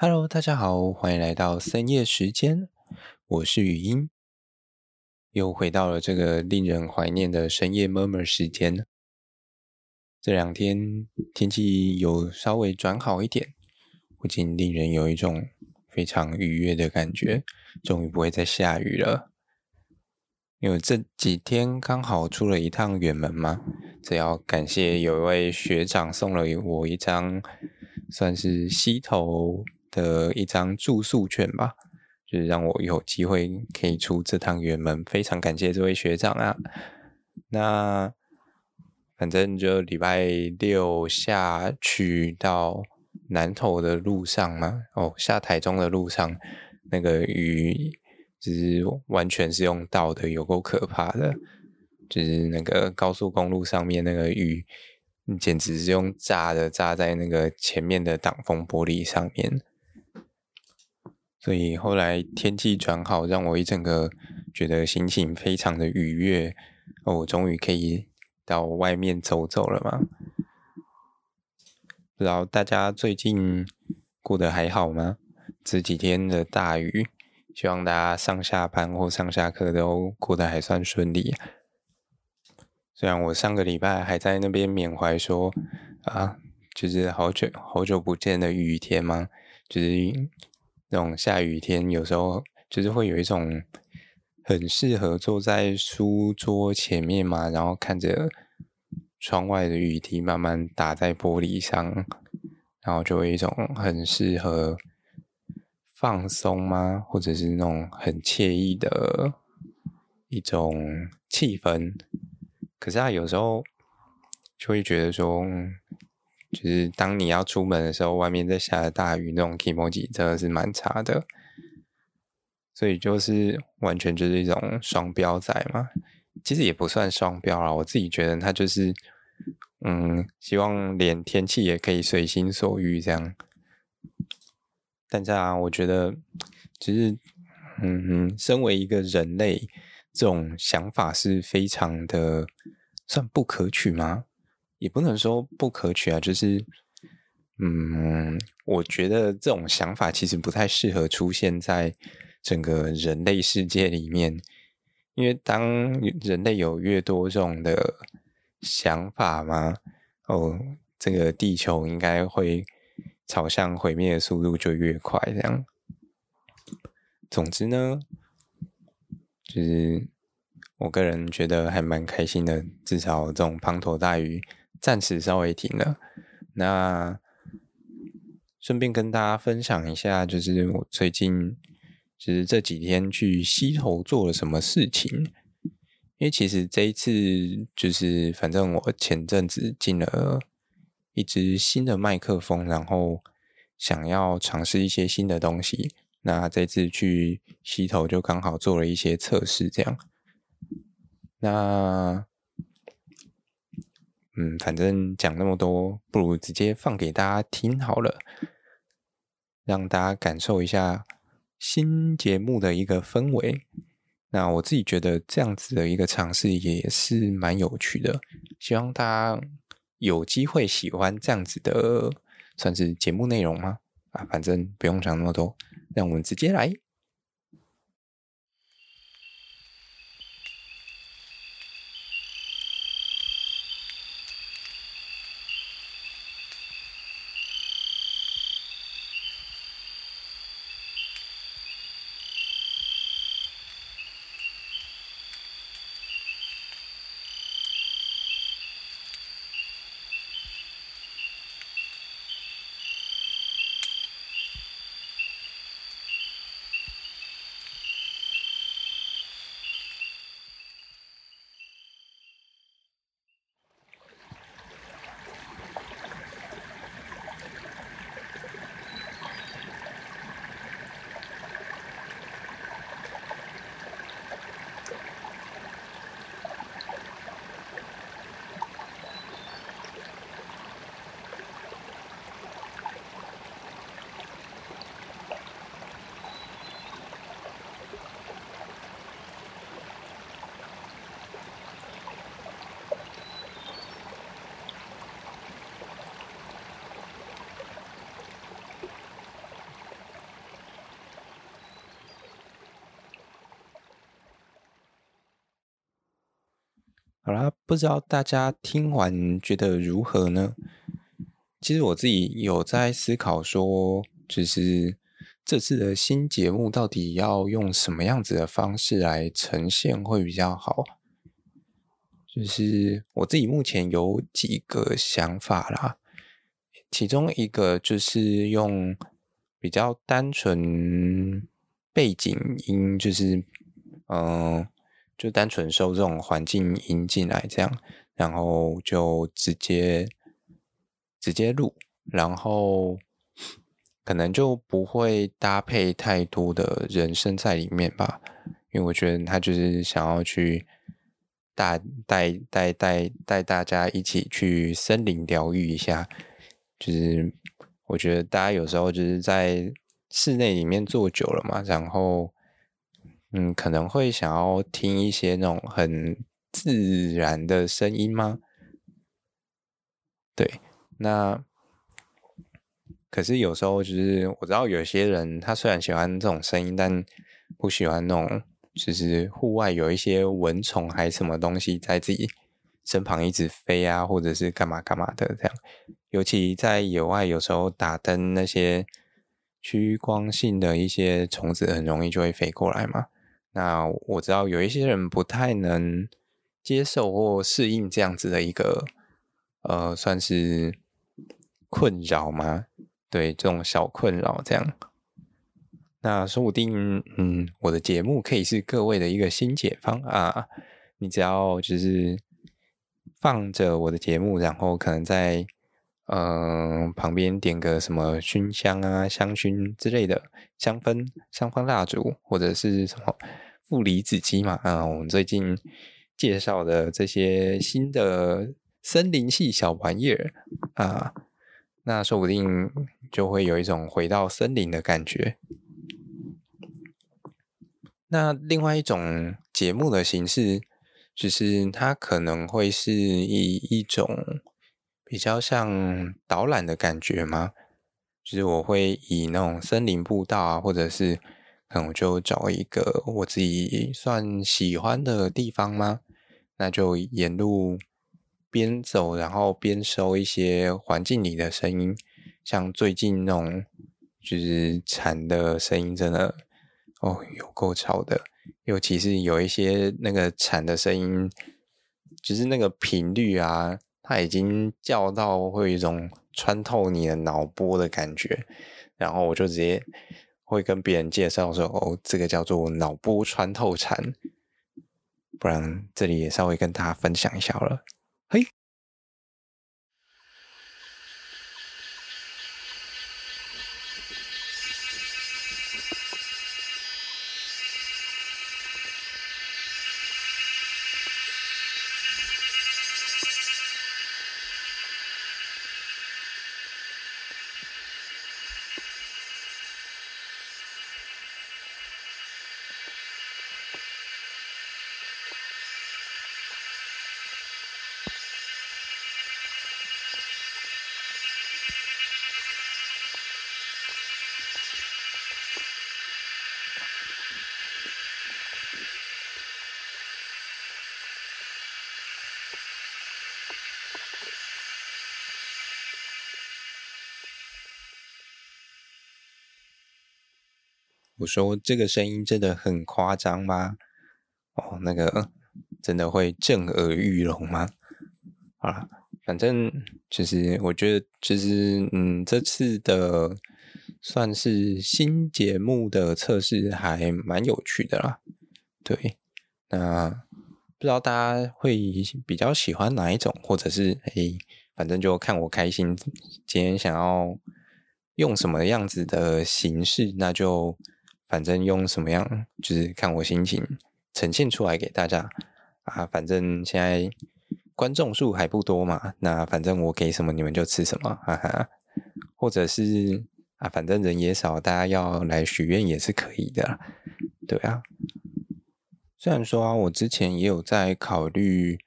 Hello，大家好，歡迎來到森夜時間。我是雨音，又回到了這個令人懷念的深夜 murmur 時間。這兩天天氣有稍微轉好一點，不禁令人有一種非常愉悅的感覺，終於不會再下雨了。因為這幾天剛好出了一趟遠門嘛，這要感謝有一位學長送了我一張算是溪頭。的一張住宿券吧，就是讓我有機會可以出這趟遠門，非常感謝這位學長啊！那反正就禮拜六下去到南投的路上嘛，哦，下台中的路上那個雨，就是完全是用倒的，有夠可怕的。就是那個高速公路上面那個雨，簡直是用炸的，炸在那個前面的擋風玻璃上面。所以後來天氣轉好，讓我一整個覺得心情非常的愉悅。哦，我終於可以到外面走走了嘛。不知道大家最近過得還好嗎？這幾天的大雨，希望大家上下班或上下課都過得還算順利。雖然我上個禮拜還在那邊緬懷說啊，就是好久好久不見的雨天嘛。就是。那種下雨天，有時候就是會有一種很適合坐在書桌前面嘛，然後看着窗外的雨滴慢慢打在玻璃上，然後就有一種很適合放鬆嗎？或者是那種很愜意的一種氣氛。可是他、啊、有時候就會覺得說，就是當你要出門的時候，外面在下着大雨，那種 kimochi 真的是蠻差的。所以就是完全就是一種雙標仔嘛，其實也不算雙標啦。我自己覺得他就是，嗯，希望連天氣也可以隨心所欲這樣。但是啊，我覺得其實、就是，嗯哼，身為一個人類，這種想法是非常的，算不可取嗎？也不能說不可取啊，就是，嗯，我覺得這種想法其實不太適合出現在整個人類世界裡面，因為當人類有越多這種的想法嘛，哦，這個地球應該會朝向毀滅的速度就越快，這樣。總之呢，就是我個人覺得還蠻開心的，至少這種滂沱大雨。暫時稍微停了，那順便跟大家分享一下，就是我最近其實這幾天去溪頭做了什麼事情。因為其實這一次就是，反正我前陣子進了一支新的麥克風，然後想要嘗試一些新的東西。那這次去溪頭就剛好做了一些測試，這樣。那。嗯，反正講那麼多，不如直接放給大家聽好了，讓大家感受一下新節目的一個氛圍。那我自己覺得這樣子的一個嘗試也是蠻有趣的，希望大家有機會喜歡這樣子的，算是節目內容嗎？啊，反正不用講那麼多，讓我們直接來。不知道大家聽完覺得如何呢？其實我自己有在思考，說就是這次的新節目到底要用什麼樣子的方式來呈現會比較好。就是我自己目前有幾個想法啦，其中一個就是用比較單純背景音，就是嗯。呃就單純收這種環境音進來，這樣，然後就直接直接錄，然後可能就不會搭配太多的人聲在裡面吧，因為我覺得他就是想要去帶帶帶帶帶大家一起去森林療癒一下，就是我覺得大家有時候就是在室內裡面坐久了嘛，然後。嗯，可能會想要聽一些那種很自然的聲音嗎？對，那可是有時候就是我知道有些人他雖然喜歡這種聲音，但不喜歡那種就是戶外有一些蚊蟲還什麼東西在自己身旁一直飛啊，或者是幹嘛幹嘛的這樣。尤其在野外，有時候打燈那些趨光性的一些蟲子很容易就會飛過來嘛。那我知道有一些人不太能接受或適應這樣子的一個，呃，算是困擾嗎？對，這種小困擾這樣。那說不定，嗯，我的節目可以是各位的一個新解方啊！你只要就是放着我的節目，然後可能在。嗯、呃，旁邊點個什麼熏香啊、香薰之類的香氛、香氛蠟燭，或者是什麼負離子機嘛？啊，我們最近介紹的這些新的森林系小玩意兒啊，那說不定就會有一種回到森林的感覺。那另外一種節目的形式，只、就是它可能會是以一種。比較像導覽的感覺嗎？就是我會以那種森林步道啊，或者是，可能我就找一個我自己算喜歡的地方嗎？那就沿路邊走，然後邊收一些環境裡的聲音。像最近那種，就是蟬的聲音，真的哦，有夠吵的。尤其是有一些那個蟬的聲音，就是那個頻率啊。他已經叫到會有一種穿透你的腦波的感覺，然後我就直接會跟別人介紹說：“哦，這個叫做腦波穿透蟬。”不然這裡也稍微跟大家分享一下好了。嘿。我說這個聲音真的很誇張嗎？哦，那個、嗯、真的會震耳欲聾嗎？好啦，反正就是我覺得，就是嗯，這次的算是新節目的測試，還蠻有趣的啦。對，那不知道大家會比較喜歡哪一種，或者是哎，反正就看我開心，今天想要用什麼樣子的形式，那就。反正用什麼樣，就是看我心情呈現出來給大家啊。反正現在觀眾數還不多嘛，那反正我給什麼你們就吃什麼，哈哈。或者是啊，反正人也少，大家要來許願也是可以的，對啊。雖然說啊，我之前也有在考慮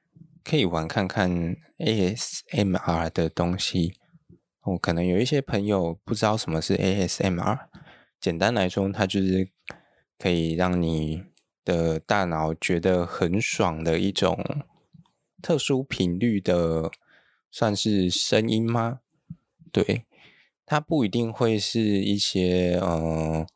可以玩看看 ASMR 的東西。我，哦，可能有一些朋友不知道什麼是 ASMR。簡單來說，它就是可以讓你的大腦覺得很爽的一種特殊頻率的，算是聲音嗎？對，它不一定會是一些呃，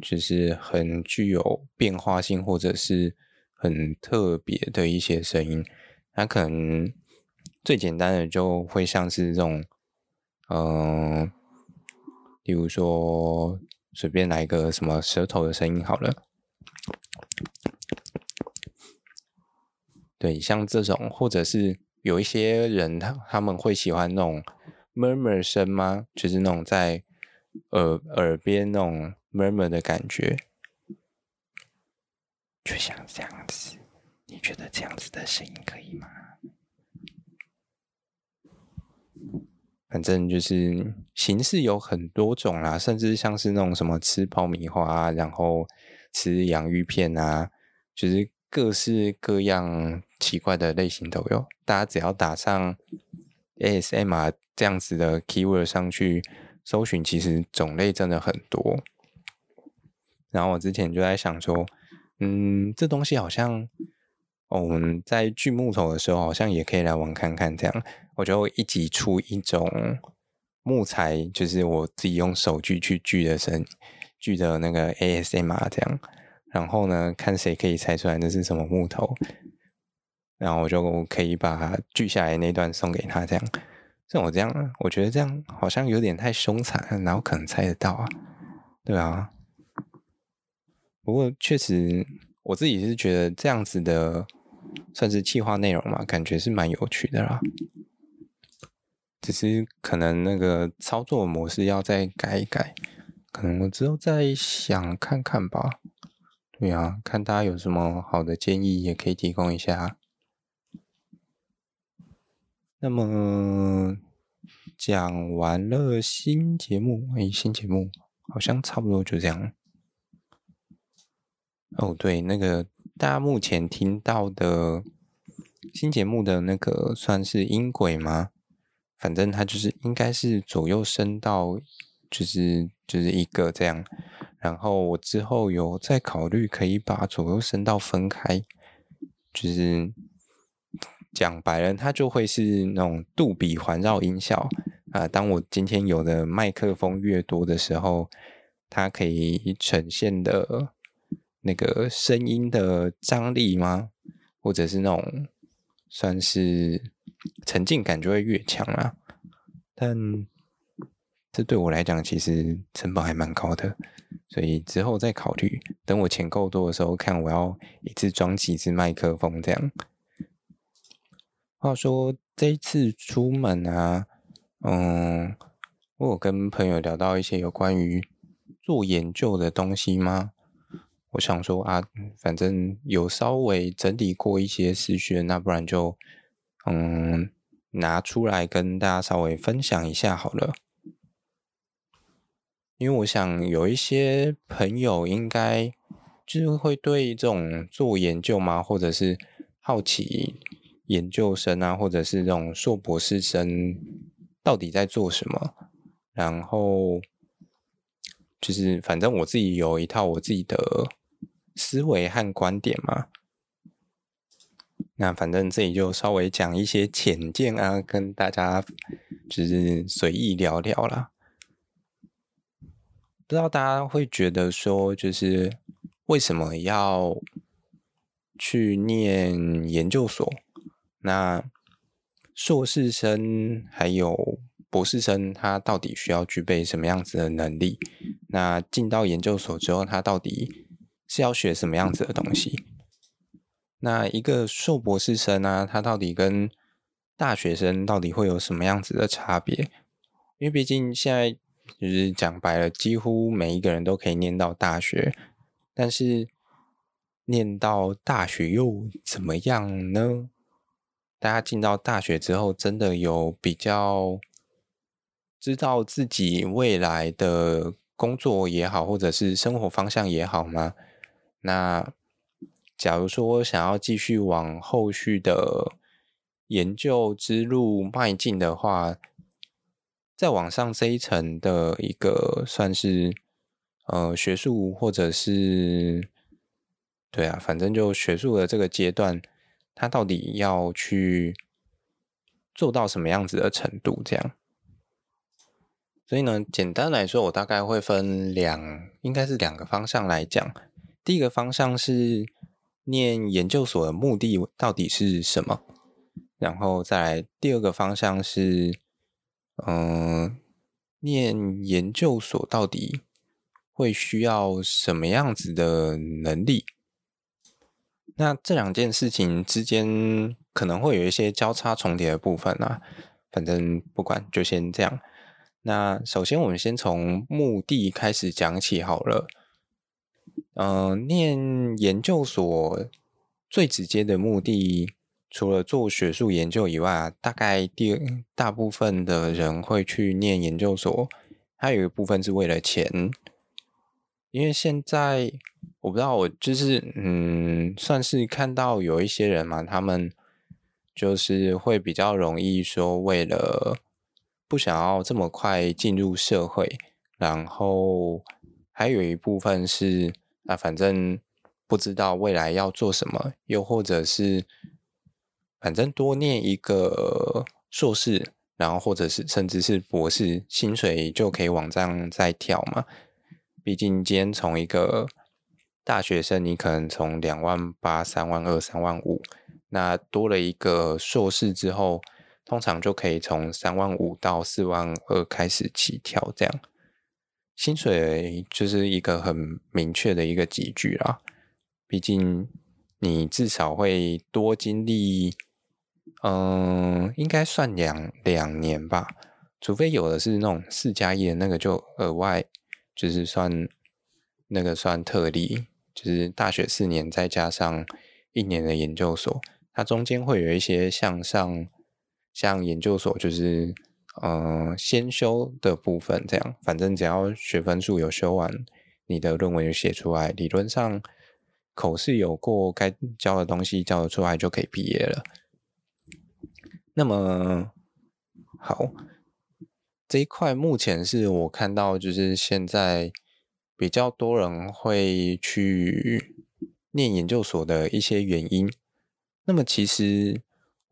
就是很具有變化性或者是很特別的一些聲音，它可能最簡單的就會像是這種，嗯、呃，比如說。隨便來一個什麼舌頭的聲音好了。對，像這種，或者是有一些人他他們會喜歡那種 murmur 聲嗎？就是那種在耳耳邊那種 murmur 的感覺，就像這樣子。你覺得這樣子的聲音可以嗎？反正就是形式有很多種啦，甚至像是那種什麼吃爆米花啊，然後吃洋芋片啊，就是各式各樣奇怪的類型都有。大家只要打上 ASMR 這樣子的 keyword 上去搜尋，其實種類真的很多。然後我之前就在想說，嗯，這東西好像。我們在鋸木頭的時候，好像也可以來玩看看。這樣，我就一集出一種木材，就是我自己用手鋸去鋸的聲，鋸的那個 ASMR 這樣。然後呢，看誰可以猜出來那是什麼木頭，然後我就可以把它鋸下來那段送給他。這樣，像我這樣、啊，我覺得這樣好像有點太兇殘，哪有可能猜得到啊？對啊，不過確實，我自己是覺得這樣子的，算是企劃內容嘛，感覺是蠻有趣的啦。只是可能那個操作模式要再改一改，可能我之後再想看看吧。對啊，看大家有什麼好的建議，也可以提供一下。那麼講完了新節目，哎、欸，新節目好像差不多就這樣。哦，對，那個。大家目前聽到的新節目的那個算是音軌嗎？反正它就是應該是左右聲道，就是就是一個這樣。然後我之後有在考慮可以把左右聲道分開，就是講白了，它就會是那種杜比環繞音效啊、呃。當我今天有的麥克風越多的時候，它可以呈現的。那個聲音的張力嗎，或者是那種算是沉浸感就會越強啦，啊。但這對我來講，其實成本還蠻高的，所以之後再考慮。等我錢夠多的時候，看我要一次裝幾支麥克風這樣。話說這一次出門啊，嗯，我有跟朋友聊到一些有關於做研究的東西嗎？我想說啊，反正有稍微整理過一些思緒，那不然就嗯拿出來跟大家稍微分享一下好了。因為我想有一些朋友應該就是會對這種做研究嘛，或者是好奇研究生啊，或者是這種碩博士生到底在做什麼，然後就是反正我自己有一套我自己的。思維和觀點嘛，那反正這裡就稍微講一些淺見啊，跟大家就是隨意聊聊啦。不知道大家會覺得說，就是為什麼要去念研究所？那碩士生還有博士生，他到底需要具備什麼樣子的能力？那進到研究所之後，他到底？是要學什麼樣子的東西？那一個碩博士生呢，他到底跟大學生到底會有什麼樣子的差別？因為畢竟現在就是講白了，幾乎每一個人都可以念到大學，但是念到大學又怎麼樣呢？大家進到大學之後，真的有比較知道自己未來的工作也好，或者是生活方向也好嗎？那假如說我想要繼續往後續的研究之路邁進的話，再往上這一層的一個算是呃學術或者是對啊，反正就學術的這個階段，它到底要去做到什麼樣子的程度？這樣，所以呢，簡單來說，我大概會分兩，應該是兩個方向來講。第一個方向是念研究所的目的到底是什麼，然後再來第二個方向是，嗯、呃，念研究所到底會需要什麼樣子的能力？那這兩件事情之間可能會有一些交叉重疊的部分啊，反正不管，就先這樣。那首先我們先從目的開始講起好了。嗯、呃，念研究所最直接的目的，除了做學術研究以外啊，大概第大部分的人會去念研究所，還有一部分是為了錢。因為現在我不知道，我就是嗯，算是看到有一些人嘛，他們就是會比較容易說，為了不想要這麼快進入社會，然後還有一部分是。那反正不知道未來要做什麼，又或者是反正多念一個碩士，然後或者是甚至是博士，薪水就可以往上再跳嘛。畢竟今天從一個大學生，你可能從兩萬八、三萬二、三萬五，那多了一個碩士之後，通常就可以從三萬五到四萬二開始起跳這樣。薪水就是一個很明確的一個集聚啦，畢竟你至少會多經歷，嗯，應該算兩兩年吧，除非有的是那種四加一的那個，就額外就是算那個算特例，就是大學四年再加上一年的研究所，它中間會有一些向上，像研究所就是。嗯、呃，先修的部分這樣，反正只要學分數有修完，你的論文有寫出來，理論上口試有過，該交的東西交出來就可以畢業了。那麼好，這一塊目前是我看到就是現在比較多人會去念研究所的一些原因。那麼其實。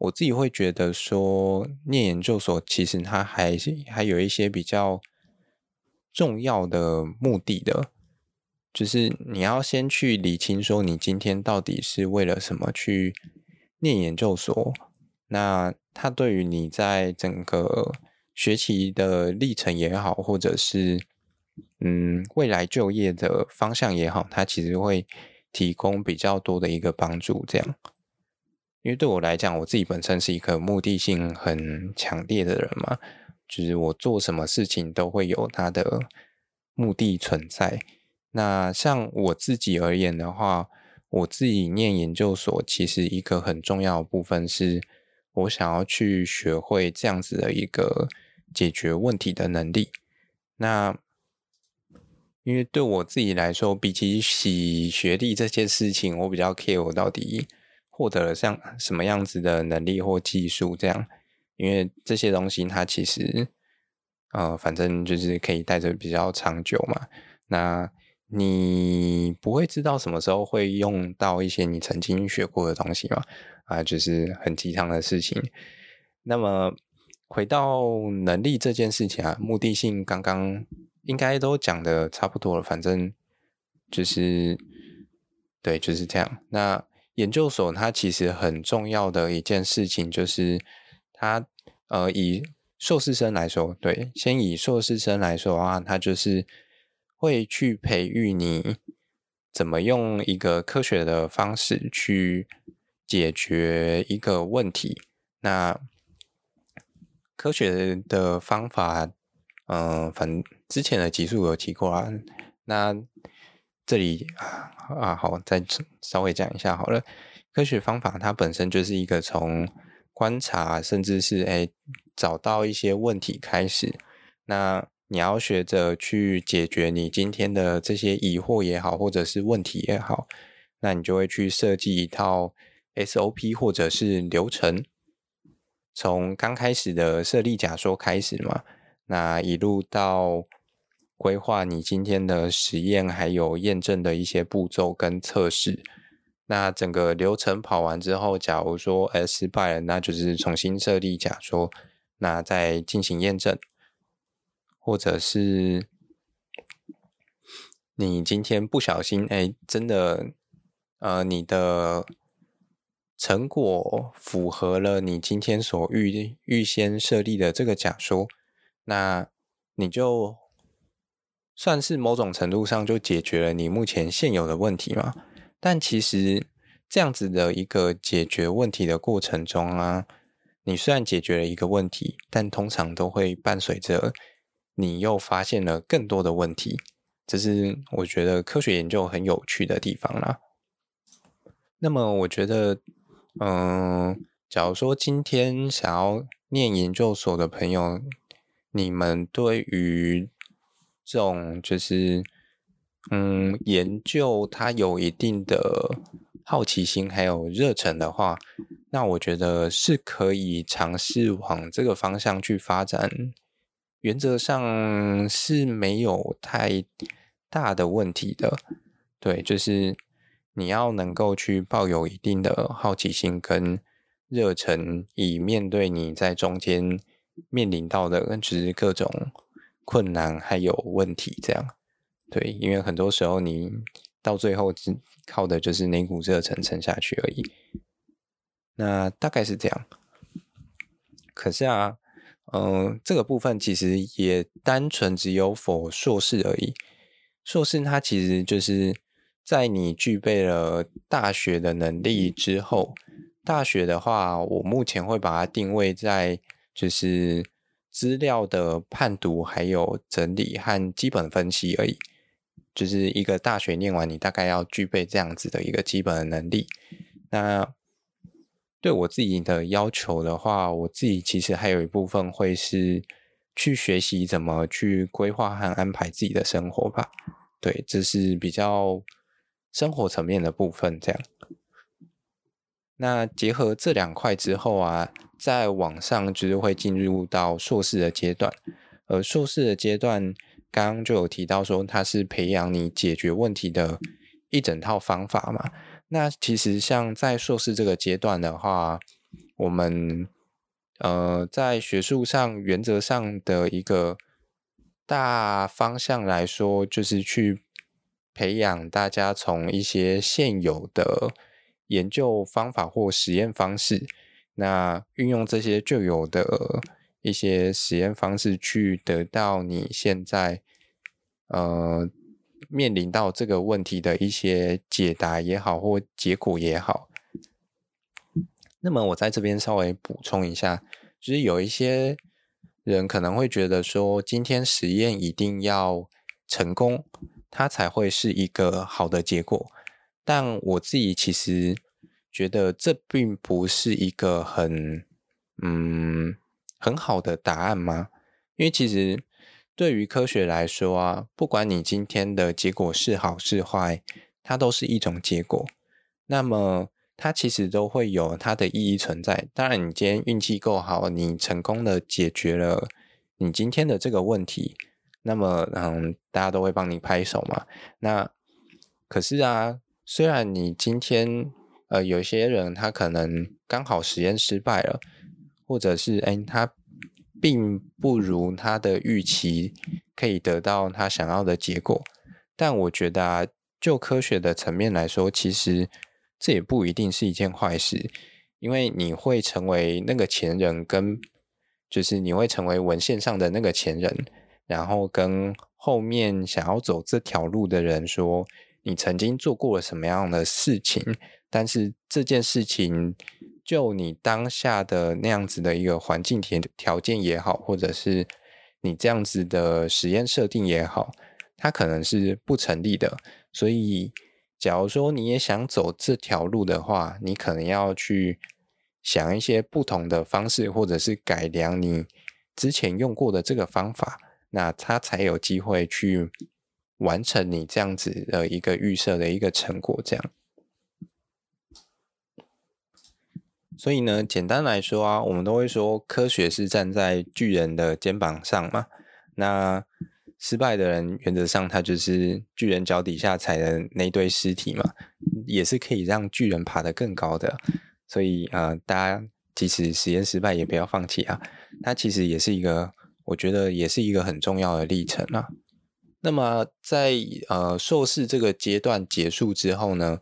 我自己會覺得說，念研究所其實它還是還有一些比較重要的目的的，就是你要先去理清說你今天到底是為了什麼去念研究所。那它對於你在整個學習的歷程也好，或者是嗯未來就業的方向也好，它其實會提供比較多的一個幫助，這樣。因為對我來講，我自己本身是一個目的性很強烈的人嘛，就是我做什麼事情都會有它的目的存在。那像我自己而言的話，我自己念研究所，其實一個很重要的部分是，我想要去學會這樣子的一個解決問題的能力。那因為對我自己來說，比起洗學歷這件事情，我比較 care 我到底。獲得了像什麼樣子的能力或技術這樣，因為這些東西它其實，呃，反正就是可以帶着比較長久嘛。那你不會知道什麼時候會用到一些你曾經學過的東西嘛。啊，就是很雞湯的事情。那麼回到能力這件事情啊，目的性剛剛應該都講得差不多了，反正就是，對，就是這樣。那。研究所它其實很重要的一件事情就是它、它呃，以碩士生來說，對，先以碩士生來說啊，它就是會去培育你怎麼用一個科學的方式去解決一個問題。那科學的方法，嗯、呃，反正之前的集數有提過啊，那。這裡啊，好，再稍微講一下好了。科學方法它本身就是一個從觀察，甚至是誒、欸、找到一些問題開始。那你要學着去解決你今天的這些疑惑也好，或者是問題也好，那你就會去設計一套 SOP 或者是流程，從剛開始的設立假說開始嘛，那一路到。規劃你今天的實驗，還有驗證的一些步驟跟測試。那整個流程跑完之後，假如說，哎，失敗了，那就是重新設立假說，那再進行驗證。或者是你今天不小心，哎，真的，呃，你的成果符合了你今天所預預先設立的這個假說，那你就。算是某種程度上就解決了你目前現有的問題嘛。但其實這樣子的一個解決問題的過程中啊，你雖然解決了一個問題，但通常都會伴隨着你又發現了更多的問題。這是我覺得科學研究很有趣的地方啦。那麼，我覺得，嗯、呃，假如說今天想要念研究所的朋友，你們對於。這種就是，嗯，研究它有一定的好奇心還有熱忱的話，那我覺得是可以嘗試往這個方向去發展。原則上是沒有太大的問題的。對，就是你要能夠去抱有一定的好奇心跟熱忱，以面對你在中間面臨到的跟其實各種。困難還有問題，這樣，對，因為很多時候你到最後只靠的就是那股熱忱撐下去而已。那大概是這樣。可是啊，嗯、呃，這個部分其實也單純只有否碩士而已。碩士它其實就是在你具備了大學的能力之後，大學的話，我目前會把它定位在就是。資料的判讀，還有整理和基本分析而已，就是一個大學念完，你大概要具備這樣子的一個基本的能力。那對我自己的要求的話，我自己其實還有一部分會是去學習怎麼去規劃和安排自己的生活吧。對，這是比較生活層面的部分。這樣，那結合這兩塊之後啊。再往上就是會進入到碩士的階段，而碩士的階段，剛剛就有提到說，它是培養你解決問題的一整套方法嘛。那其實像在碩士這個階段的話，我們呃在學術上原則上的一個大方向來說，就是去培養大家從一些現有的研究方法或實驗方式。那運用這些舊有的一些實驗方式，去得到你現在呃面臨到這個問題的一些解答也好，或結果也好。那麼我在這邊稍微補充一下，就是有一些人可能會覺得說，今天實驗一定要成功，它才會是一個好的結果。但我自己其實。覺得這並不是一個很嗯，很好的答案嗎？因為其實對於科學來說啊，不管你今天的結果是好是壞，它都是一種結果。那麼它其實都會有它的意義存在。當然，你今天運氣夠好，你成功的解決了你今天的這個問題，那麼嗯，大家都會幫你拍手嘛。那可是啊，雖然你今天呃，有些人他可能剛好實驗失敗了，或者是哎，他並不如他的預期可以得到他想要的結果。但我覺得啊，就科學的層面來說，其實這也不一定是一件壞事，因為你會成為那個前人跟，就是你會成為文獻上的那個前人，然後跟後面想要走這條路的人說，你曾經做過了什麼樣的事情。但是這件事情，就你當下的那樣子的一個環境條條件也好，或者是你這樣子的實驗設定也好，它可能是不成立的。所以，假如說你也想走這條路的話，你可能要去想一些不同的方式，或者是改良你之前用過的這個方法，那它才有機會去完成你這樣子的一個預設的一個成果，這樣。所以呢，簡單來說啊，我們都會說科學是站在巨人的肩膀上嘛。那失敗的人，原則上他就是巨人腳底下踩的那堆屍體嘛，也是可以讓巨人爬得更高的。所以啊，呃，大家即使實驗失敗也不要放棄啊，它其實也是一個，我覺得也是一個很重要的歷程啊。那麼在呃碩士這個階段結束之後呢，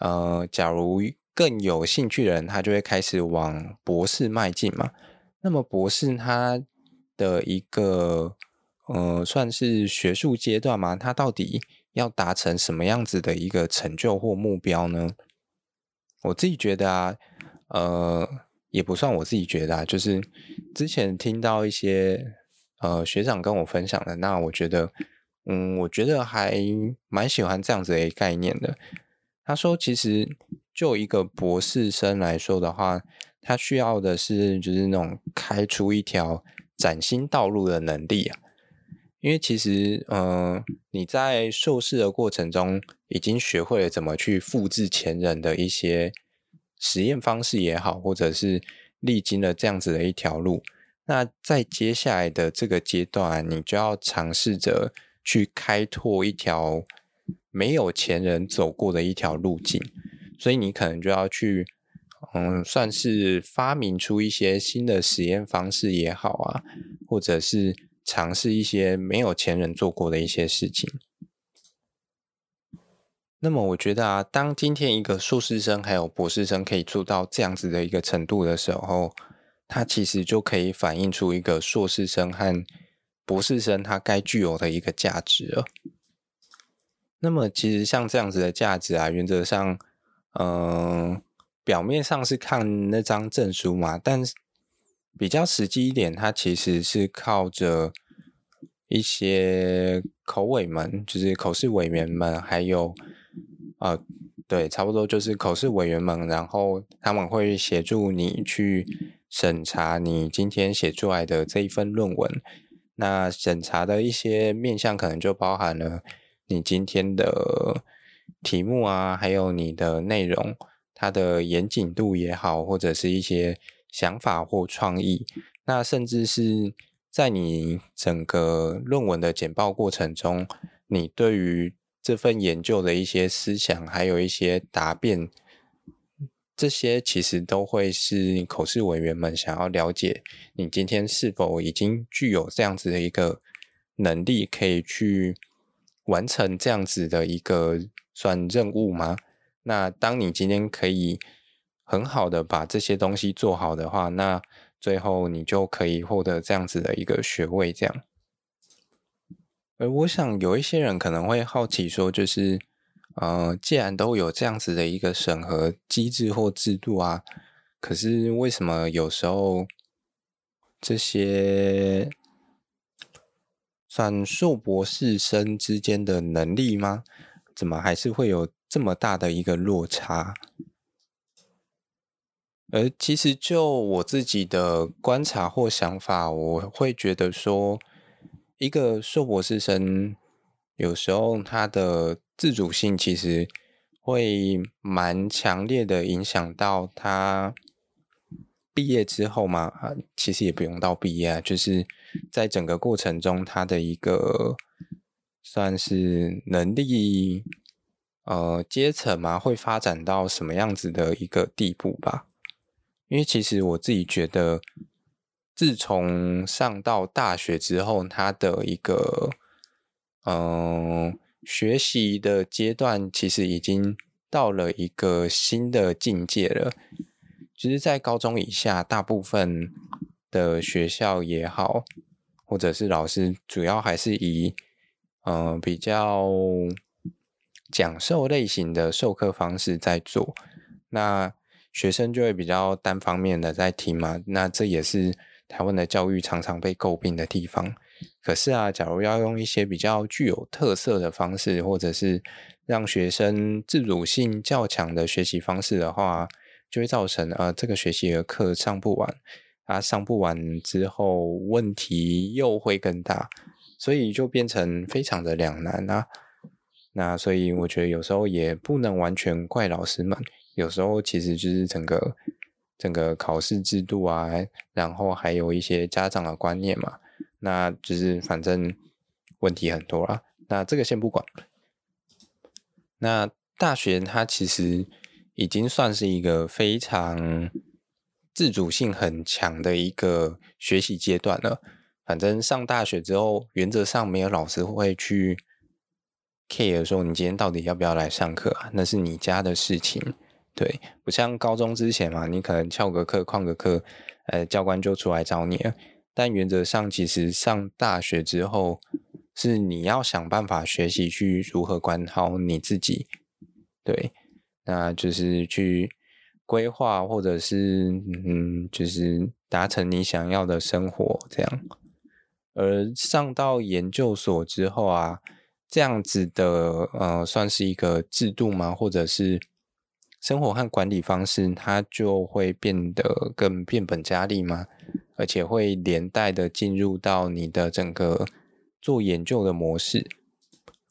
呃，假如。更有興趣的人，他就會開始往博士邁進嘛。那麼博士他的一個呃，算是學術階段嘛？他到底要達成什麼樣子的一個成就或目標呢？我自己覺得啊，呃，也不算我自己覺得啊，就是之前聽到一些呃學長跟我分享的，那我覺得，嗯，我覺得還蠻喜歡這樣子的概念的。他說，其實。就一個博士生來說的話，他需要的是就是那種開出一條嶄新道路的能力，啊，因為其實，嗯、呃，你在碩士的過程中已經學會了怎麼去複製前人的一些實驗方式也好，或者是歷經了這樣子的一條路，那在接下來的這個階段，你就要嘗試着去開拓一條沒有前人走過的一條路徑。所以你可能就要去，嗯，算是發明出一些新的實驗方式也好啊，或者是嘗試一些沒有前人做過的一些事情。那麼，我覺得啊，當今天一個碩士生還有博士生可以做到這樣子的一個程度的時候，他其實就可以反映出一個碩士生和博士生他該具有的一個價值了。那麼，其實像這樣子的價值啊，原則上。嗯，表面上是看那張證書嘛，但比較實際一點，它其實是靠着一些口委們，就是口試委員們，還有啊、呃，對，差不多就是口試委員們，然後他們會協助你去審查你今天寫出來的這一份論文。那審查的一些面向，可能就包含了你今天的。題目啊，還有你的內容，它的嚴謹度也好，或者是一些想法或創意，那甚至是在你整個論文的簡報過程中，你對於這份研究的一些思想，還有一些答辯，這些其實都會是口試委員們想要了解你今天是否已經具有這樣子的一個能力，可以去完成這樣子的一個。算任務嗎？那當你今天可以很好的把這些東西做好的話，那最後你就可以獲得這樣子的一個學位，這樣。而我想有一些人可能會好奇說，就是，呃，既然都有這樣子的一個審核機制或制度啊，可是為什麼有時候這些算碩博士生之間的能力嗎？怎麼還是會有這麼大的一個落差？而其實就我自己的觀察或想法，我會覺得說，一個碩博士生有時候他的自主性其實會蠻強烈的影響到他畢業之後嘛，啊，其實也不用到畢業啊，就是在整個過程中他的一個。算是能力，呃，階層嘛，會發展到什麼樣子的一個地步吧？因為其實我自己覺得，自從上到大學之後，他的一個嗯、呃、學習的階段，其實已經到了一個新的境界了。其實，在高中以下，大部分的學校也好，或者是老師，主要還是以。嗯、呃，比較講授類型的授課方式在做，那學生就會比較單方面的在聽嘛。那這也是台灣的教育常常被詬病的地方。可是啊，假如要用一些比較具有特色的方式，或者是讓學生自主性較強的學習方式的話，就會造成呃這個學習的課上不完，它、啊、上不完之後問題又會更大。所以就變成非常的兩難啦。那所以我覺得有時候也不能完全怪老師們，有時候其實就是整個整個考試制度啊，然後還有一些家長的觀念嘛，那就是反正問題很多啦。那這個先不管。那大學它其實已經算是一個非常自主性很強的一個學習階段了。反正上大學之後，原則上沒有老師會去 care 說你今天到底要不要來上課啊，那是你家的事情。對，不像高中之前嘛，你可能翹個課、曠個課，呃，教官就出來找你了。但原則上，其實上大學之後是你要想辦法學習去如何管好你自己，對，那就是去規劃，或者是，嗯，就是達成你想要的生活這樣。而上到研究所之後啊，這樣子的呃，算是一個制度嗎？或者是生活和管理方式，它就會變得更變本加厲嗎？而且會連帶的進入到你的整個做研究的模式。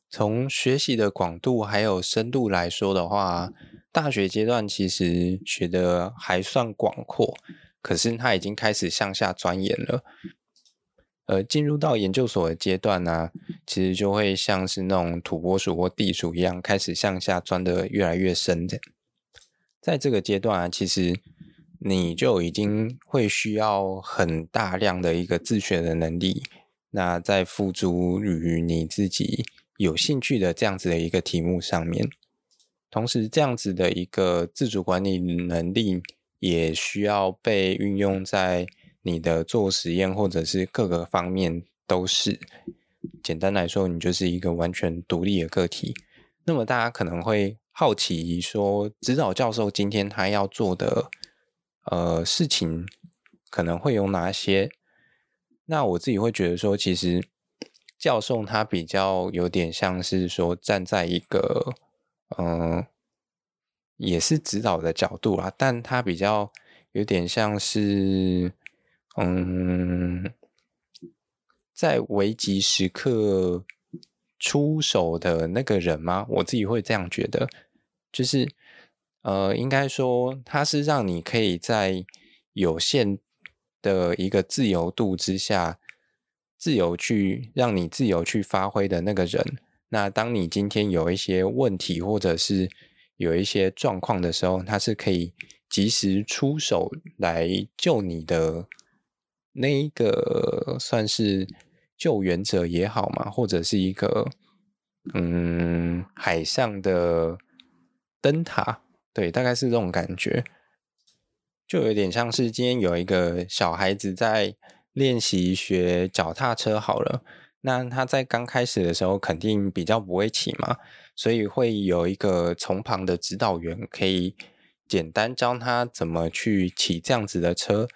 從學習的廣度還有深度來說的話，大學階段其實學的還算廣闊，可是它已經開始向下鑽研了。呃，而進入到研究所的階段呢、啊，其實就會像是那種土撥鼠或地鼠一樣，開始向下鑽得越來越深的。在這個階段啊，其實你就已經會需要很大量的一個自學的能力，那在付諸於你自己有興趣的這樣子的一個題目上面，同時這樣子的一個自主管理能力也需要被運用在。你的做實驗或者是各個方面都是，簡單來說，你就是一個完全獨立的個體。那麼大家可能會好奇，說指導教授今天他要做的呃事情可能會有哪些？那我自己會覺得說，其實教授他比較有點像是說站在一個嗯、呃，也是指導的角度啦，但他比較有點像是。嗯，在危急時刻出手的那個人嗎？我自己會這樣覺得，就是，呃，應該說他是讓你可以在有限的一個自由度之下，自由去讓你自由去發揮的那個人。那當你今天有一些問題或者是有一些狀況的時候，他是可以及時出手來救你的。那一個算是救援者也好嘛，或者是一個嗯，海上的燈塔，對，大概是這種感覺，就有點像是今天有一個小孩子在練習學腳踏車好了，那他在剛開始的時候肯定比較不會騎嘛，所以會有一個從旁的指導員可以簡單教他怎麼去騎這樣子的車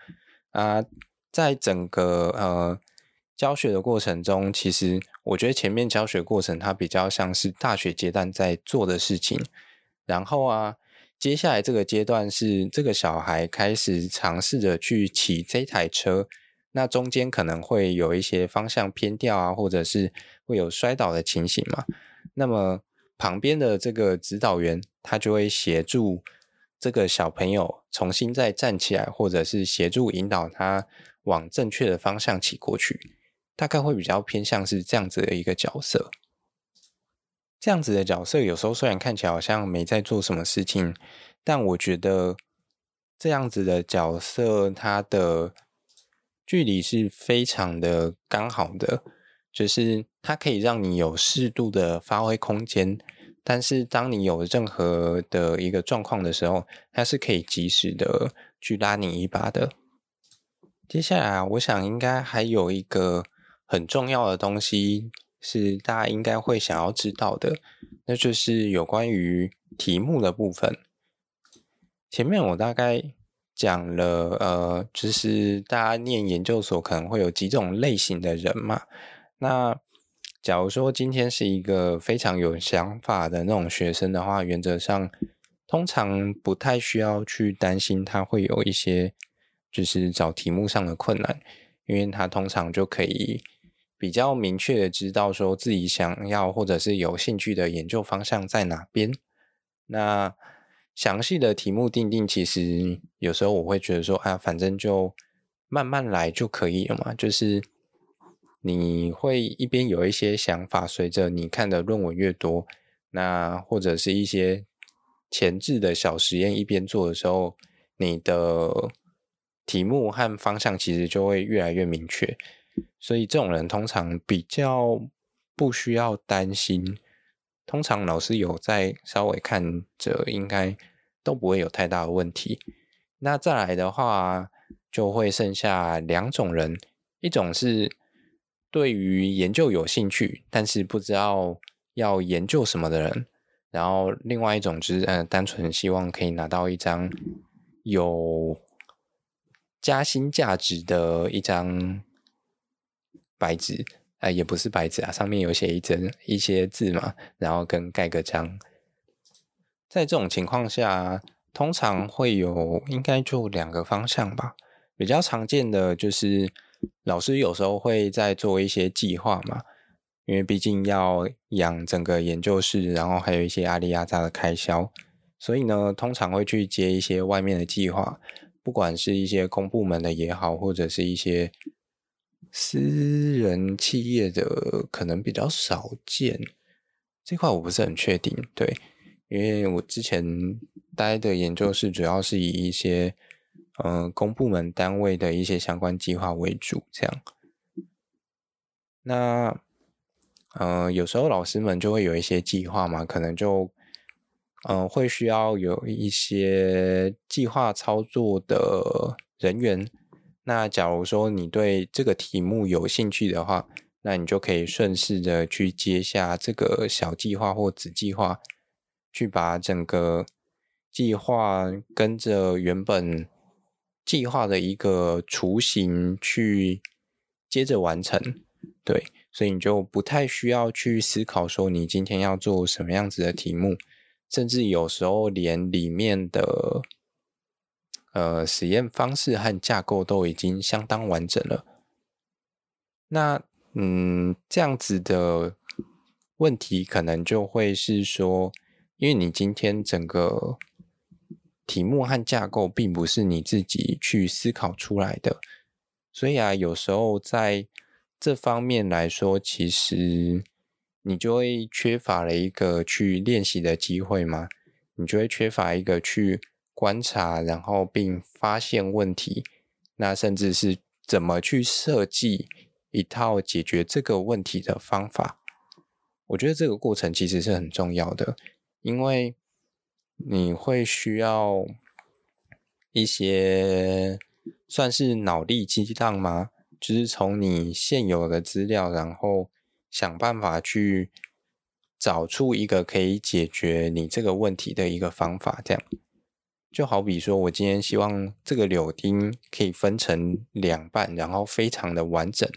啊。在整個呃教學的過程中，其實我覺得前面教學過程它比較像是大學階段在做的事情。然後啊，接下來這個階段是這個小孩開始嘗試着去騎這台車，那中間可能會有一些方向偏掉啊，或者是會有摔倒的情形嘛。那麼旁邊的這個指導員，他就會協助這個小朋友重新再站起來，或者是協助引導他。往正確的方向騎過去，大概會比較偏向是這樣子的一個角色。這樣子的角色有時候雖然看起來好像沒在做什麼事情，但我覺得這樣子的角色它的距離是非常的剛好的，就是它可以讓你有適度的發揮空間，但是當你有任何的一個狀況的時候，它是可以及時的去拉你一把的。接下來，我想應該還有一個很重要的東西是大家應該會想要知道的，那就是有關於題目的部分。前面我大概講了，呃，就是大家念研究所可能會有幾種類型的人嘛。那假如說今天是一個非常有想法的那種學生的話，原則上通常不太需要去擔心他會有一些。就是找題目上的困難，因為他通常就可以比較明確的知道說自己想要或者是有興趣的研究方向在哪邊。那詳細的題目定定，其實有時候我會覺得說，啊，反正就慢慢來就可以了嘛。就是你會一邊有一些想法，隨着你看的論文越多，那或者是一些前置的小實驗一邊做的時候，你的。題目和方向其實就會越來越明確，所以這種人通常比較不需要擔心。通常老師有在稍微看，着應該都不會有太大的問題。那再來的話，就會剩下兩種人：一種是對於研究有興趣，但是不知道要研究什麼的人；然後另外一種就是呃，單純希望可以拿到一張有。加薪價值的一張白紙。欸，也不是白紙啊，上面有寫一針一些字嘛，然後跟蓋個章。在這種情況下，通常會有應該就兩個方向吧。比較常見的就是老師有時候會在做一些計劃嘛，因為畢竟要養整個研究室，然後還有一些壓力壓榨的開銷，所以呢，通常會去接一些外面的計劃。不管是一些公部門的也好，或者是一些私人企業的，可能比較少見，這塊我不是很確定。對，因為我之前待的研究室主要是以一些嗯公部門單位的一些相關計劃為主，這樣。那嗯、呃，有時候老師們就會有一些計劃嘛，可能就。嗯、呃，會需要有一些計劃操作的人員。那假如說你對這個題目有興趣的話，那你就可以順勢的去接下這個小計劃或子計劃，去把整個計劃跟着原本計劃的一個雛形去接着完成。對，所以你就不太需要去思考說你今天要做什麼樣子的題目。甚至有時候連裡面的呃實驗方式和架構都已經相當完整了。那嗯，這樣子的問題可能就會是說，因為你今天整個題目和架構並不是你自己去思考出來的，所以啊，有時候在這方面來說，其實。你就會缺乏了一個去練習的機會嗎？你就會缺乏一個去觀察，然後並發現問題，那甚至是怎麼去設計一套解決這個問題的方法？我覺得這個過程其實是很重要的，因為你會需要一些算是腦力激盪嗎？就是從你現有的資料，然後，想辦法去找出一個可以解決你這個問題的一個方法，這樣就好比說我今天希望這個柳丁可以分成兩半，然後非常的完整。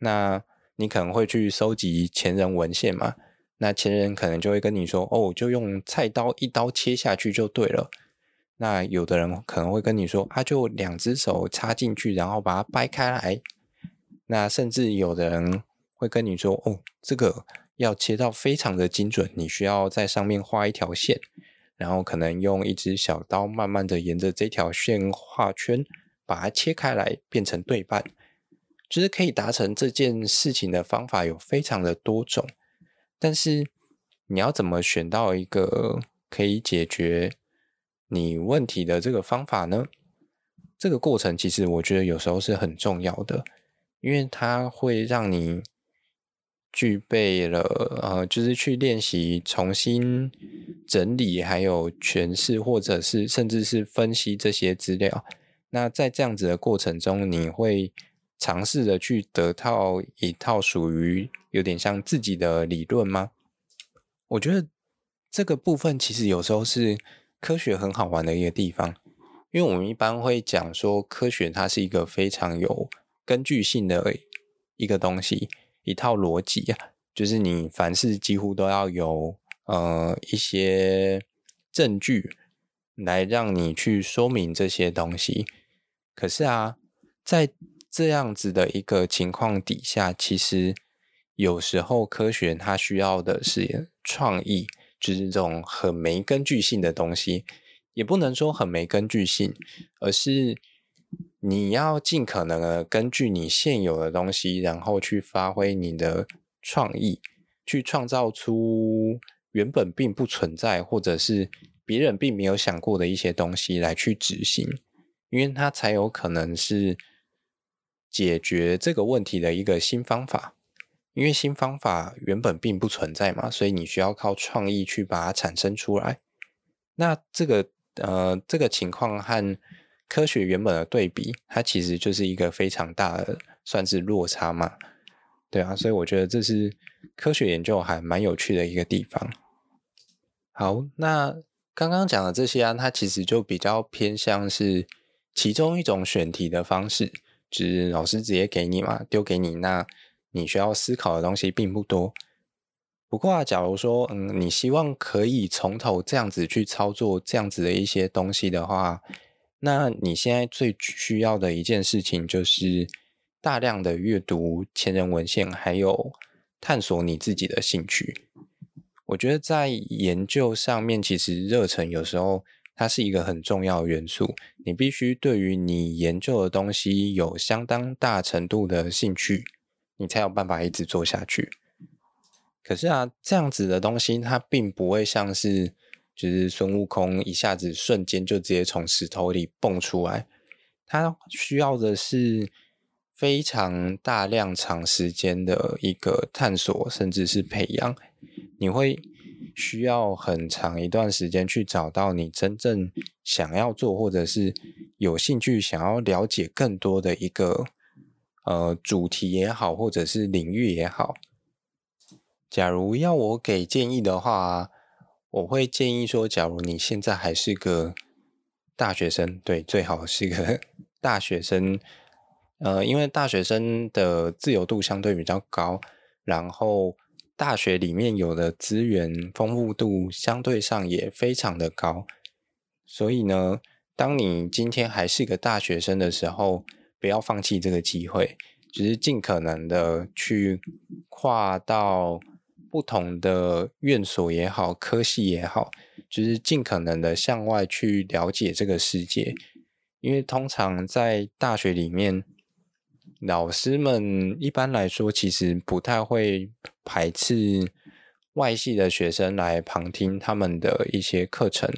那你可能會去收集前人文獻嘛？那前人可能就會跟你說：“哦，就用菜刀一刀切下去就對了。”那有的人可能會跟你說：“啊，就兩隻手插進去，然後把它掰開來。”那甚至有的人。會跟你說哦，這個要切到非常的精準，你需要在上面畫一條線，然後可能用一支小刀慢慢的沿着這條線畫圈，把它切開來變成對半。其實可以達成這件事情的方法有非常的多種，但是你要怎麼選到一個可以解決你問題的這個方法呢？這個過程其實我覺得有時候是很重要的，因為它會讓你。具備了，呃，就是去練習、重新整理、還有詮釋，或者是甚至是分析這些資料。那在這樣子的過程中，你會嘗試着去得到一套屬於有點像自己的理論嗎？我覺得這個部分其實有時候是科學很好玩的一個地方，因為我們一般會講說，科學它是一個非常有根據性的一個東西。一套邏輯，就是你凡事幾乎都要有呃一些證據來讓你去說明這些東西。可是啊，在這樣子的一個情況底下，其實有時候科學它需要的是創意，就是這種很沒根據性的東西，也不能說很沒根據性，而是。你要盡可能的根據你現有的東西，然後去發揮你的創意，去創造出原本並不存在，或者是別人並沒有想過的一些東西來去執行，因為它才有可能是解決這個問題的一個新方法。因為新方法原本並不存在嘛，所以你需要靠創意去把它產生出來。那這個呃，這個情況和科學原本的對比，它其實就是一個非常大的，算是落差嘛，對啊，所以我覺得這是科學研究還蠻有趣的一個地方。好，那剛剛講的這些啊，它其實就比較偏向是其中一種選題的方式，就是老師直接給你嘛，丟給你，那你需要思考的東西並不多。不過啊，假如說嗯，你希望可以從頭這樣子去操作這樣子的一些東西的話。那你現在最需要的一件事情就是大量的閱讀前人文獻，還有探索你自己的興趣。我覺得在研究上面，其實熱忱有時候它是一個很重要的元素。你必須對於你研究的東西有相當大程度的興趣，你才有辦法一直做下去。可是啊，這樣子的東西它並不會像是。就是孫悟空一下子瞬間就直接從石頭裡蹦出來，他需要的是非常大量長時間的一個探索，甚至是培養。你會需要很長一段時間去找到你真正想要做，或者是有興趣想要了解更多的一個呃主題也好，或者是領域也好。假如要我給建議的話，啊。我會建議說，假如你現在還是個大學生，對，最好是個大學生。呃，因為大學生的自由度相對比較高，然後大學裡面有的資源豐富度相對上也非常的高。所以呢，當你今天還是個大學生的時候，不要放棄這個機會，只、就是盡可能的去跨到。不同的院所也好，科系也好，就是盡可能的向外去了解這個世界，因為通常在大學裡面，老師們一般來說其實不太會排斥外系的學生來旁聽他們的一些課程，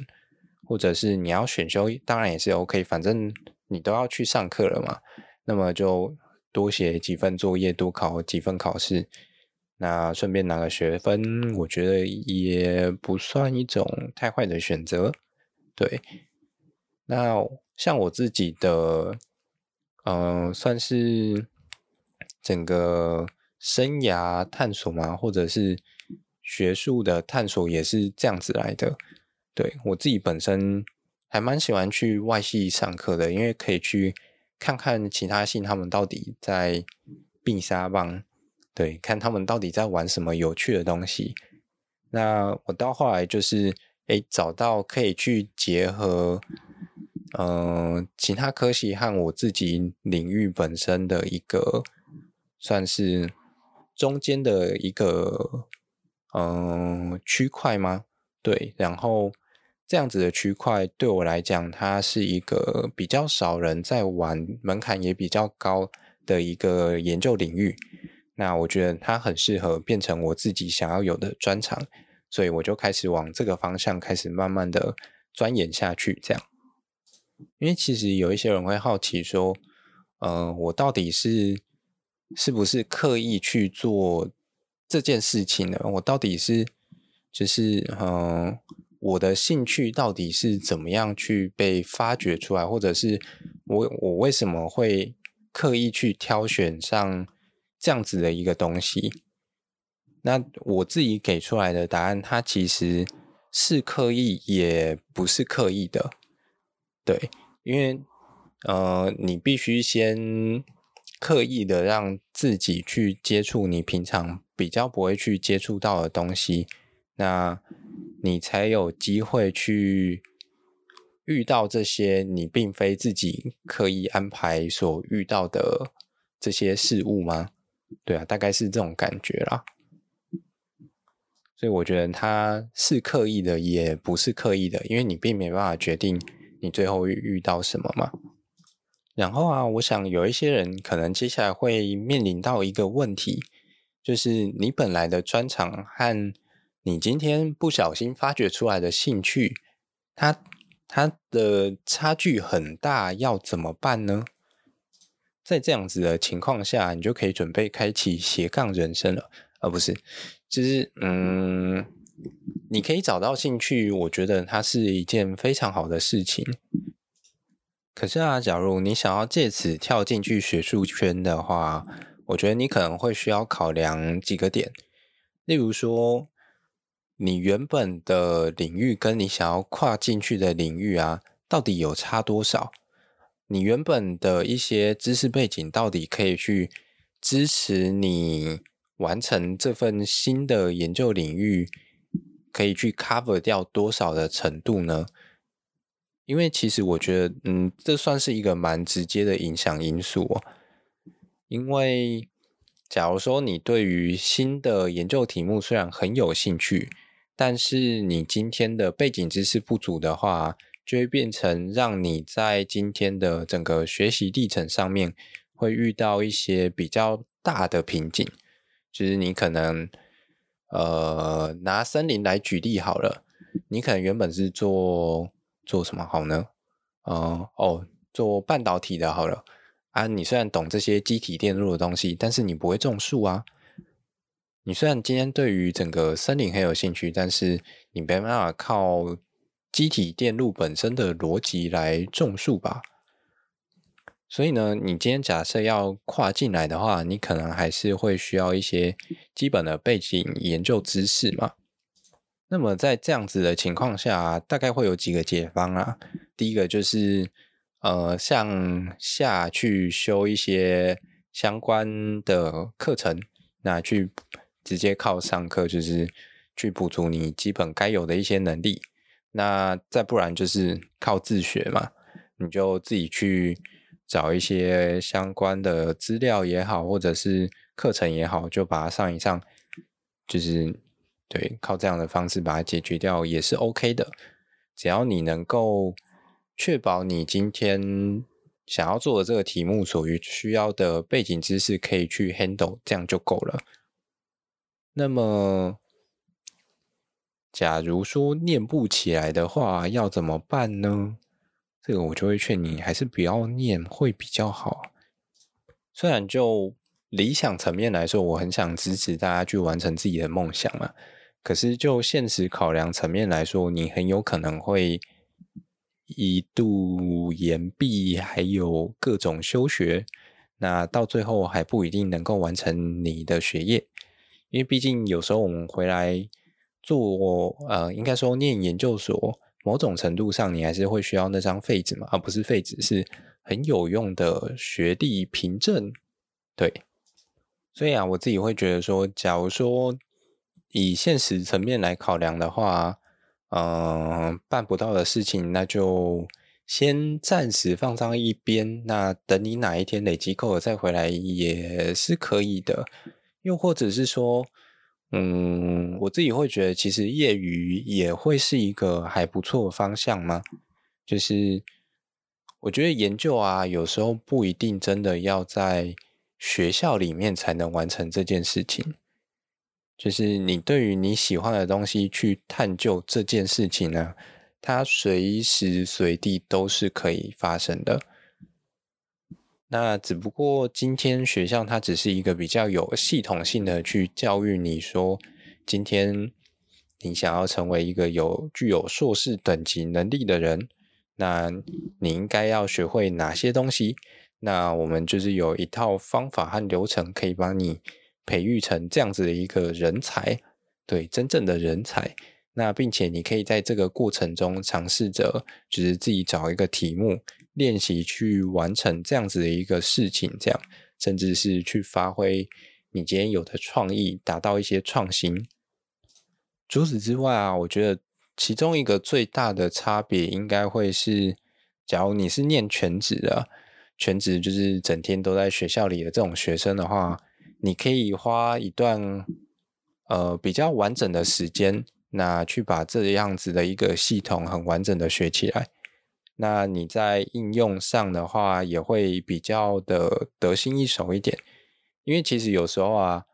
或者是你要選修，當然也是 OK，反正你都要去上課了嘛，那麼就多寫幾份作業，多考幾份考試。那順便拿個學分，我覺得也不算一種太壞的選擇，對。那像我自己的，嗯、呃，算是整個生涯探索嘛，或者是學術的探索，也是這樣子來的。對，我自己本身還蠻喜歡去外系上課的，因為可以去看看其他系他們到底在並啥幫。對，看他們到底在玩什麼有趣的東西。那我到後來就是，誒，找到可以去結合，嗯、呃，其他科系和我自己領域本身的一個，算是中間的一個，嗯、呃，區塊嗎？對，然後這樣子的區塊對我來講，它是一個比較少人在玩，門檻也比較高的一個研究領域。那我覺得它很適合變成我自己想要有的專長，所以我就開始往這個方向開始慢慢的鑽研下去這樣。因為其實有一些人會好奇說，嗯、呃，我到底是是不是刻意去做這件事情呢？我到底是就是嗯、呃，我的興趣到底是怎麼樣去被發掘出來，或者是我我為什麼會刻意去挑選上？這樣子的一個東西，那我自己給出來的答案，它其實是刻意，也不是刻意的，對，因為呃，你必須先刻意的讓自己去接觸你平常比較不會去接觸到的東西，那你才有機會去遇到這些你並非自己刻意安排所遇到的這些事物嗎？對啊，大概是這種感覺啦，所以我覺得他是刻意的，也不是刻意的，因為你並沒辦法決定你最後會遇到什麼嘛。然後啊，我想有一些人可能接下來會面臨到一個問題，就是你本來的專長和你今天不小心發掘出來的興趣，它它的差距很大，要怎麼辦呢？在這樣子的情況下，你就可以準備開啟斜槓人生了。啊不是，就是嗯，你可以找到興趣，我覺得它是一件非常好的事情。可是啊，假如你想要借此跳進去學術圈的話，我覺得你可能會需要考量幾個點，例如說，你原本的領域跟你想要跨進去的領域啊，到底有差多少？你原本的一些知識背景到底可以去支持你完成這份新的研究領域，可以去 cover 掉多少的程度呢？因為其實我覺得，嗯，這算是一個蠻直接的影響因素哦。因為假如說你對於新的研究題目雖然很有興趣，但是你今天的背景知識不足的話。就會變成讓你在今天的整個學習歷程上面會遇到一些比較大的瓶頸。就是你可能，呃，拿森林來舉例好了，你可能原本是做做什麼好呢？嗯、呃，哦，做半導體的好了。啊，你雖然懂這些積體電路的東西，但是你不會種樹啊。你雖然今天對於整個森林很有興趣，但是你沒辦法靠。機體電路本身的邏輯來種樹吧。所以呢，你今天假設要跨進來的話，你可能還是會需要一些基本的背景研究知識嘛。那麼在這樣子的情況下，啊，大概會有幾個解方啊。第一個就是呃，向下去修一些相關的課程，那去直接靠上課，就是去補足你基本該有的一些能力。那再不然就是靠自學嘛，你就自己去找一些相關的資料也好，或者是課程也好，就把它上一上，就是對，靠這樣的方式把它解決掉也是 OK 的。只要你能夠確保你今天想要做的這個題目所需要的背景知識可以去 handle，這樣就夠了。那麼，假如說念不起來的話，要怎麼辦呢？這個我就會勸你，還是不要念會比較好。雖然就理想層面來說，我很想支持大家去完成自己的夢想嘛，可是就現實考量層面來說，你很有可能會一度延畢，還有各種休學，那到最後還不一定能夠完成你的學業，因為畢竟有時候我們回來。做呃，應該說念研究所，某種程度上你還是會需要那張廢紙嘛，而、啊、不是廢紙，是很有用的學歷憑證。對，所以啊，我自己會覺得說，假如說以現實層面來考量的話，嗯、呃，辦不到的事情，那就先暫時放上一邊。那等你哪一天累積夠了再回來也是可以的，又或者是說。嗯，我自己會覺得，其實業餘也會是一個還不錯的方向嘛。就是我覺得研究啊，有時候不一定真的要在學校裡面才能完成這件事情。就是你對於你喜歡的東西去探究這件事情呢，啊，它隨時隨地都是可以發生的。那只不過今天學校它只是一個比較有系統性的去教育你，說今天你想要成為一個有具有碩士等級能力的人，那你應該要學會哪些東西？那我們就是有一套方法和流程可以幫你培育成這樣子的一個人才，對，真正的人才。那並且你可以在這個過程中嘗試着，就是自己找一個題目。練習去完成這樣子的一個事情，這樣甚至是去發揮你今天有的創意，達到一些創新。除此之外啊，我覺得其中一個最大的差別應該會是，假如你是念全職的，全職就是整天都在學校裡的這種學生的話，你可以花一段呃比較完整的時間，那去把這樣子的一個系統很完整的學起來。那你在應用上的話，也會比較的得心應手一點，因為其實有時候啊，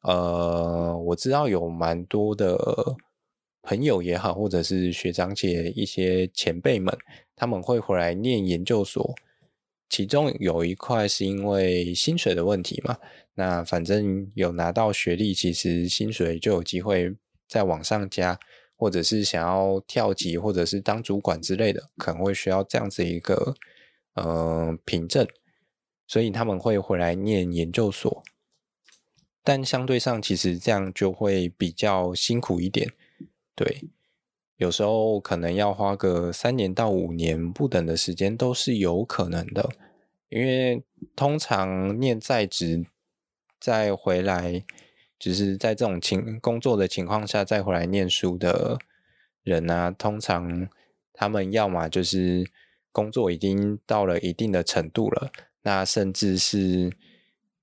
呃，我知道有蠻多的朋友也好，或者是學長姐一些前輩們，他們會回來念研究所，其中有一塊是因為薪水的問題嘛。那反正有拿到學歷，其實薪水就有機會再往上加。或者是想要跳級，或者是當主管之類的，可能會需要這樣子一個嗯憑證，所以他們會回來念研究所。但相對上，其實這樣就會比較辛苦一點。對，有時候可能要花個三年到五年不等的時間都是有可能的，因為通常念在職再回來。只是在這種情工作的情況下，再回來念書的人呢、啊，通常他們要麼就是工作已經到了一定的程度了，那甚至是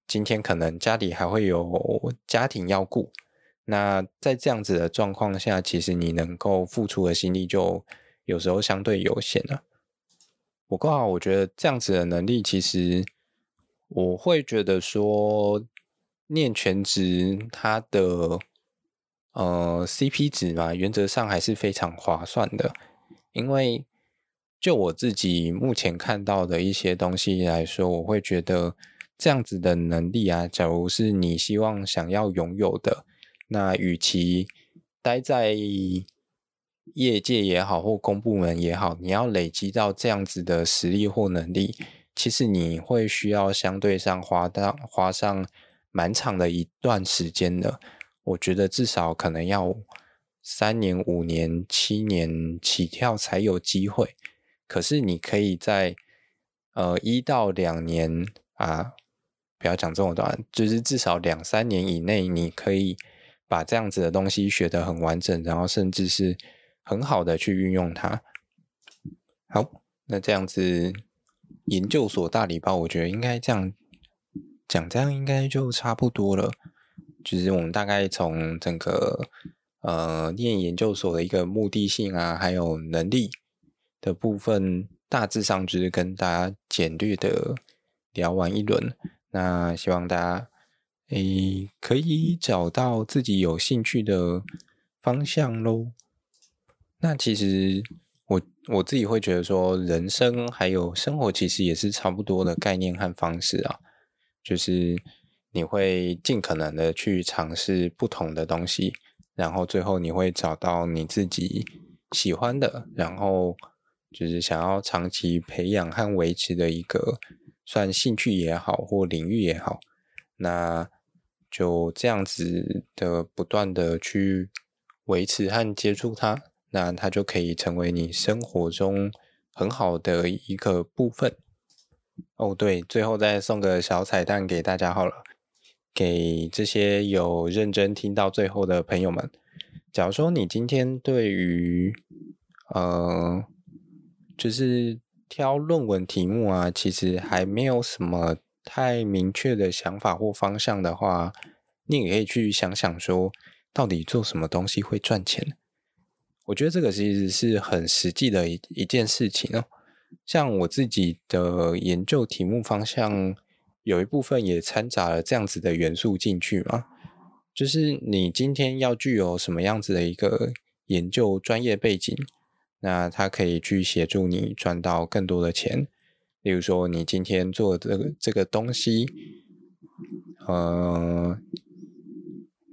今天可能家裡還會有家庭要顧。那在這樣子的狀況下，其實你能夠付出的心力，就有時候相對有限了、啊。不過我覺得這樣子的能力，其實我會覺得說。念全職，它的呃 CP 值嘛，原則上還是非常划算的。因為就我自己目前看到的一些東西來說，我會覺得這樣子的能力啊，假如是你希望想要擁有的，那與其待在業界也好，或公部門也好，你要累積到這樣子的實力或能力，其實你會需要相對上花到花上。蠻長的一段時間的，我覺得至少可能要三年、五年、七年起跳才有機會。可是你可以在呃一到兩年啊，不要講這麼短，就是至少兩三年以內，你可以把這樣子的東西學得很完整，然後甚至是很好的去運用它。好，那這樣子研究所大禮包，我覺得應該這樣。講這樣應該就差不多了，其、就是我們大概從整個呃念研究所的一個目的性啊，還有能力的部分，大致上只是跟大家簡略的聊完一輪。那希望大家誒、欸、可以找到自己有興趣的方向嘍。那其實我我自己會覺得說，人生還有生活其實也是差不多的概念和方式啊。就是你會盡可能的去嘗試不同的東西，然後最後你會找到你自己喜歡的，然後就是想要長期培養和維持的一個，算興趣也好，或領域也好，那就這樣子的不斷的去維持和接觸它，那它就可以成為你生活中很好的一個部分。哦，對，最後再送個小彩蛋給大家好了。給這些有認真聽到最後的朋友們，假如說你今天對於，呃，就是挑論文題目啊，其實還沒有什麼太明確的想法或方向的話，你也可以去想想說，到底做什麼東西會賺錢？我覺得這個其實是很實際的一一件事情哦、啊。像我自己的研究題目方向，有一部分也摻雜了這樣子的元素進去嘛。就是你今天要具有什麼樣子的一個研究專業背景，那它可以去協助你賺到更多的錢。例如說，你今天做的這個這個東西，嗯、呃，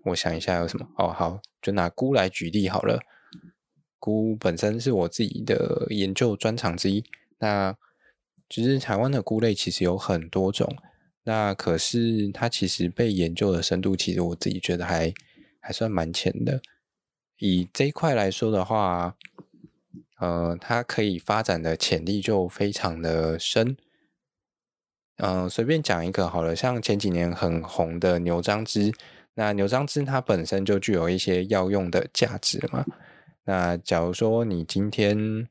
我想一下有什麼哦，好，就拿菇來舉例好了。菇本身是我自己的研究專長之一。那其實、就是、台灣的菇類其實有很多種，那可是它其實被研究的深度，其實我自己覺得還還算蠻淺的。以這一塊來說的話，呃，它可以發展的潛力就非常的深。嗯、呃，隨便講一個好了，像前幾年很紅的牛樟芝，那牛樟芝它本身就具有一些藥用的價值嘛。那假如說你今天。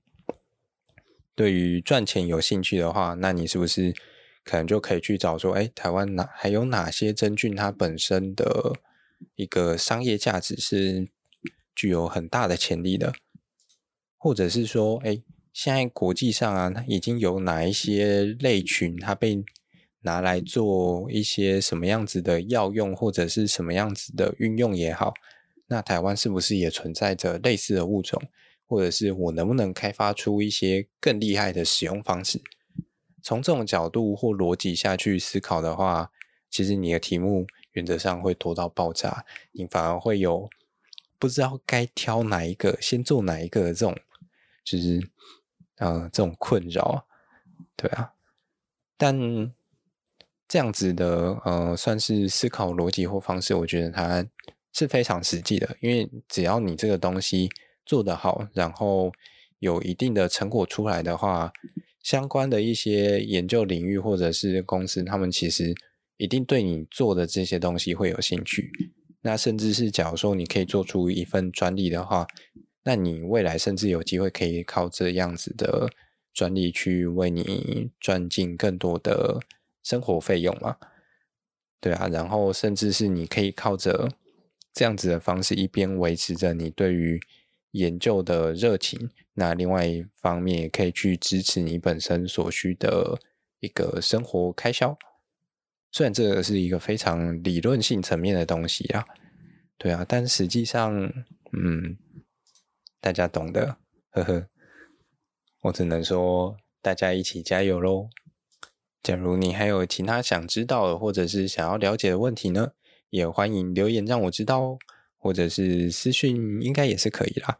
對於賺錢有興趣的話，那你是不是可能就可以去找說，哎，台灣哪還有哪些真菌，它本身的一個商業價值是具有很大的潛力的？或者是說，哎，現在國際上啊，它已經有哪一些類群，它被拿來做一些什麼樣子的藥用，或者是什麼樣子的運用也好，那台灣是不是也存在着類似的物種？或者是我能不能開發出一些更厲害的使用方式？從這種角度或邏輯下去思考的話，其實你的題目原則上會多到爆炸，你反而會有不知道該挑哪一個、先做哪一個的這種，就是呃這種困擾，對啊。但這樣子的呃，算是思考邏輯或方式，我覺得它是非常實際的，因為只要你這個東西。做得好，然後有一定的成果出來的話，相關的一些研究領域或者是公司，他們其實一定對你做的這些東西會有興趣。那甚至是假如說你可以做出一份專利的話，那你未來甚至有機會可以靠這樣子的專利去為你賺進更多的生活費用嘛。對啊，然後甚至是你可以靠着這樣子的方式，一邊維持着你對於。研究的熱情，那另外一方面也可以去支持你本身所需的一個生活開銷。雖然這個是一個非常理論性層面的東西啊，對啊，但實際上，嗯，大家懂的，呵呵。我只能說大家一起加油嘍。假如你還有其他想知道的或者是想要了解的問題呢，也歡迎留言讓我知道哦。或者是私訊應該也是可以啦，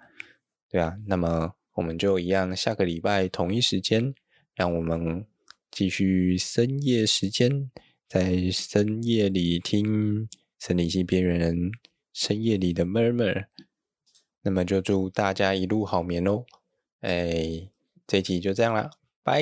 對啊，那麼我們就一樣下個禮拜同一時間，讓我們繼續深夜時間，在深夜裡聽森林系邊緣人深夜裡的 murmur，那麼就祝大家一路好眠囉，哎、欸，這一集就這樣啦，拜。